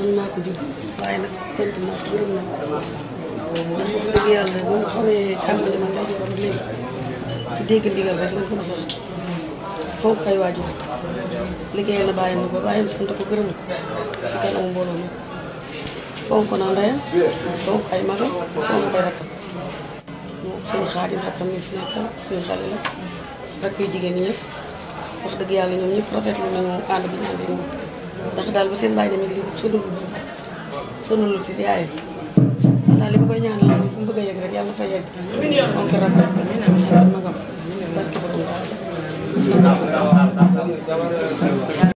mën naa ko jub waaye nag sant naa naa ko ndax mu xamee tàmbali ma ndax léegi dégg ndigal rek lañ ko mos a fonk ay waajur liggéeyal na bàyyam ba bàyyam sant ko gërëm ci kanamu mbooloo mi fonk naa ndeyam fonk ay seen xaadim rakkam yi yu jigéen ñi ñëpp wax dëgg yàlla ñoom ñëpp rafetlu nañu ànd bi ñu ànd ak ndax daal ba seen bàyyi demee lii sonul sonul ci yaay man daal li ma koy ñaanal mooy fu mu bëgg yegg rek yàlla fa yegg magam